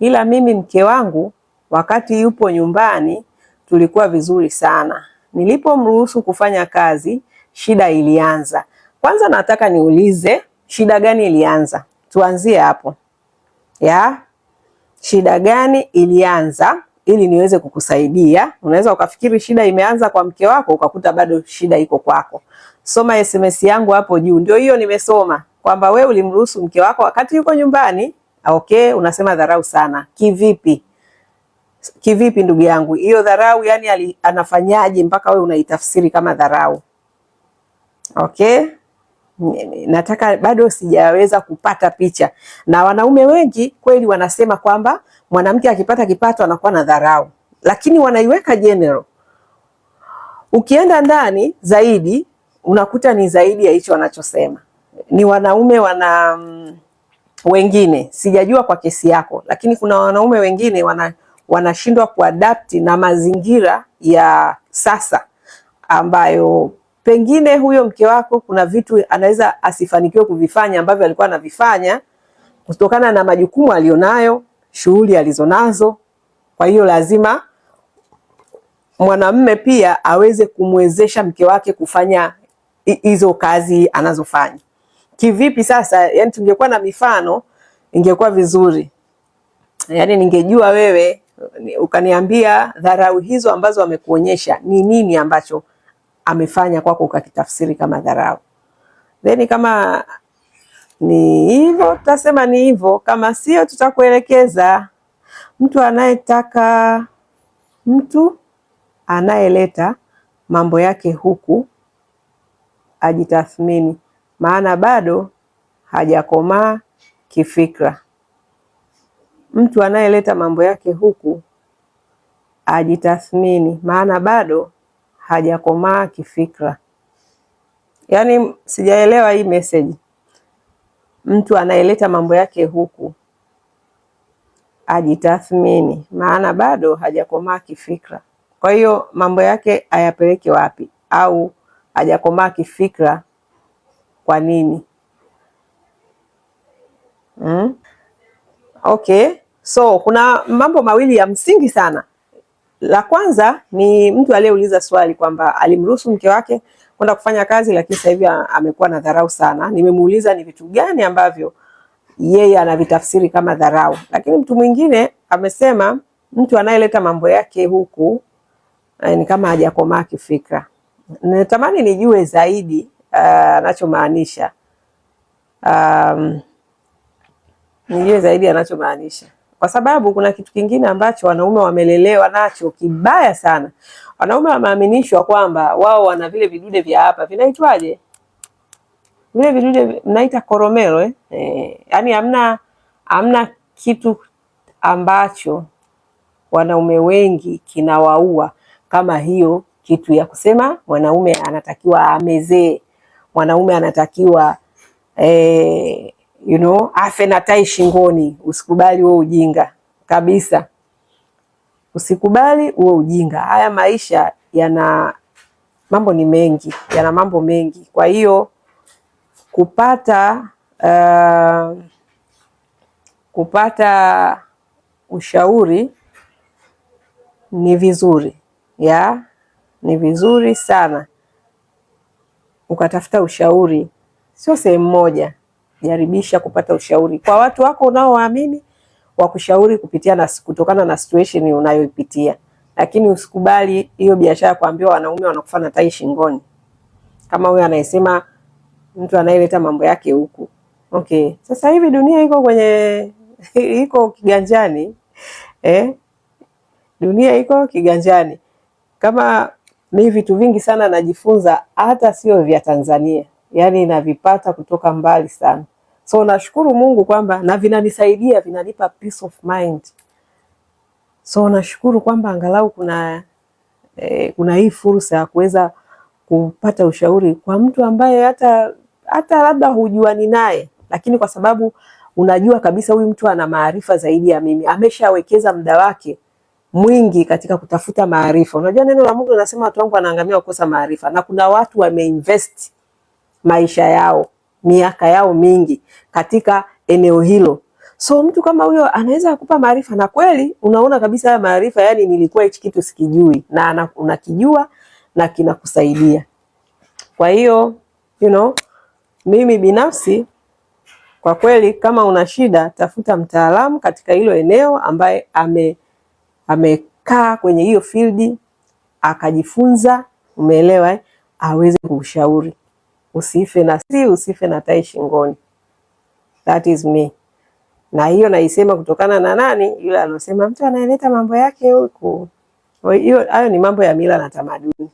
ila mimi mke wangu wakati yupo nyumbani tulikuwa vizuri sana. Nilipomruhusu kufanya kazi, shida ilianza. Kwanza nataka niulize shida gani ilianza, tuanzie hapo ya shida gani ilianza ili niweze kukusaidia. Unaweza ukafikiri shida imeanza kwa mke wako, ukakuta bado shida iko kwako. Soma SMS yangu hapo juu, ndio hiyo nimesoma kwamba we ulimruhusu mke wako wakati yuko nyumbani Okay, unasema dharau sana. Kivipi? Kivipi ndugu yangu? Hiyo dharau yani ali, anafanyaje mpaka wewe unaitafsiri kama dharau? Okay? Nataka bado sijaweza kupata picha. Na wanaume wengi kweli wanasema kwamba mwanamke akipata kipato anakuwa na dharau, lakini wanaiweka general. Ukienda ndani zaidi unakuta ni zaidi ya hicho wanachosema. Ni wanaume wana mm, wengine, sijajua kwa kesi yako, lakini kuna wanaume wengine wana wanashindwa kuadapti na mazingira ya sasa ambayo pengine huyo mke wako kuna vitu anaweza asifanikiwe kuvifanya ambavyo alikuwa anavifanya kutokana na majukumu alionayo, shughuli alizonazo. Kwa hiyo lazima mwanamme pia aweze kumwezesha mke wake kufanya hizo kazi anazofanya kivipi sasa? Yani tungekuwa na mifano ingekuwa vizuri, yani ningejua wewe ukaniambia dharau hizo ambazo amekuonyesha ni nini ambacho amefanya kwako ukakitafsiri kama dharau, then kama ni hivyo tutasema ni hivyo, kama sio tutakuelekeza. Mtu anayetaka mtu anayeleta mambo yake huku ajitathmini maana bado hajakomaa kifikra. Mtu anayeleta mambo yake huku ajitathmini, maana bado hajakomaa kifikra. Yaani sijaelewa hii meseji. Mtu anayeleta mambo yake huku ajitathmini, maana bado hajakomaa kifikra. Kwa hiyo mambo yake ayapeleke wapi? Au hajakomaa kifikra kwa nini mm? Okay, so kuna mambo mawili ya msingi sana. La kwanza ni mtu aliyeuliza swali kwamba alimruhusu mke wake kwenda kufanya kazi, lakini sasa hivi amekuwa na dharau sana. Nimemuuliza ni vitu gani ambavyo yeye anavitafsiri kama dharau, lakini mtu mwingine amesema mtu anayeleta mambo yake huku eh, ni kama hajakomaa kifikra. Natamani nijue zaidi Eh, anachomaanisha um, nijue zaidi anachomaanisha, kwa sababu kuna kitu kingine ambacho wanaume wamelelewa nacho kibaya sana. Wanaume wameaminishwa kwamba wao wana vile vidude vya hapa, vinaitwaje vile vidude? Mnaita koromelo eh? Eh, yani hamna hamna kitu ambacho wanaume wengi kinawaua kama hiyo kitu ya kusema mwanaume anatakiwa amezee mwanaume anatakiwa eh, you know, afe na tai shingoni. Usikubali wewe ujinga kabisa, usikubali uwe ujinga. Haya maisha yana mambo ni mengi, yana mambo mengi. Kwa hiyo kupata uh, kupata ushauri ni vizuri ya, ni vizuri sana ukatafuta ushauri, sio sehemu moja. Jaribisha kupata ushauri kwa watu wako unaowaamini wakushauri kupitia na kutokana na situation unayoipitia, lakini usikubali hiyo biashara kuambiwa wanaume wanakufa na tai shingoni, kama huyo anayesema mtu anayeleta mambo yake huku. Okay, sasa hivi dunia iko kwenye iko kiganjani eh? Dunia iko kiganjani. Kama mi vitu vingi sana najifunza, hata sio vya Tanzania, yani navipata kutoka mbali sana. So nashukuru Mungu kwamba na vinanisaidia, vinanipa peace of mind. So nashukuru kwamba angalau kuna eh, kuna hii fursa ya kuweza kupata ushauri kwa mtu ambaye hata hata labda hujuani naye, lakini kwa sababu unajua kabisa huyu mtu ana maarifa zaidi ya mimi, ameshawekeza muda wake mwingi katika kutafuta maarifa. Unajua neno la Mungu linasema watu wangu wanaangamia kukosa maarifa, na kuna watu wameinvest maisha yao miaka yao mingi katika eneo hilo. So mtu kama huyo anaweza kukupa maarifa, na kweli unaona kabisa haya maarifa, yani nilikuwa hichi kitu sikijui, na unakijua na kinakusaidia. Kwa hiyo you know, mimi binafsi kwa kweli, kama una shida, tafuta mtaalamu katika hilo eneo ambaye ame amekaa kwenye hiyo field akajifunza, umeelewa eh? aweze kuushauri usife na si usife na tai shingoni. That is me. Na hiyo naisema kutokana na nani yule alosema mtu anayeleta mambo yake huku. Hayo ni mambo ya mila na tamaduni.